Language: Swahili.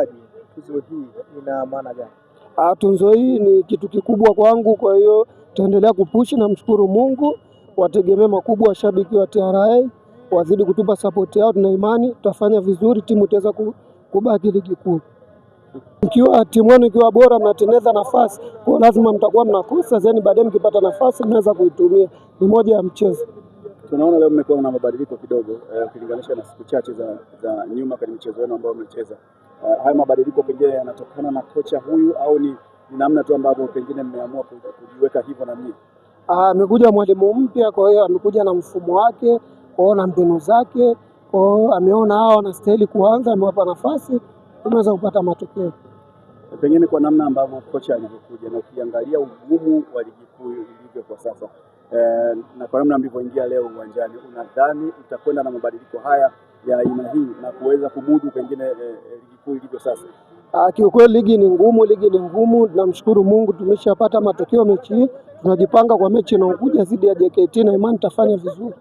unaionaje tuzo hii ina maana gani? Ah, tuzo hii ni kitu kikubwa kwangu, kwa hiyo tutaendelea kupushi na mshukuru Mungu, wategemee makubwa washabiki wa TRA wazidi kutupa sapoti yao, tuna imani tutafanya vizuri, timu itaweza kubaki ligi kuu. Ikiwa timu yenu ikiwa bora, mnatengeneza nafasi kwa lazima mtakuwa mnakosa zeni, baadaye mkipata nafasi mnaweza kuitumia, ni moja ya mchezo. Tunaona leo mmekuwa na mabadiliko kidogo eh, ukilinganisha eh, na siku chache za, za nyuma kwenye mchezo wenu ambao mmecheza uh, eh, haya mabadiliko pengine yanatokana na kocha huyu au ni, namna tu ambavyo pengine mmeamua kujiweka hivyo na nini? Ah, amekuja mwalimu mpya, kwa hiyo amekuja na mfumo wake, kwa na mbinu zake, kwa hiyo ameona hao wanastahili kuanza, amewapa nafasi, tumeweza kupata matokeo eh, pengine kwa namna ambavyo kocha alivyokuja na ukiangalia ugumu wa ligi kuu ilivyo kwa sasa e, na kwa namna mlivyoingia leo uwanjani, unadhani utakwenda na mabadiliko haya ya aina hii na kuweza kumudu pengine eh, eh, ligi kuu ilivyo sasa? Ah, kiukweli ligi ni ngumu, ligi ni ngumu. Tunamshukuru Mungu tumeshapata matokeo mechi hii, tunajipanga kwa mechi inaokuja dhidi ya JKT na imani tafanya vizuri.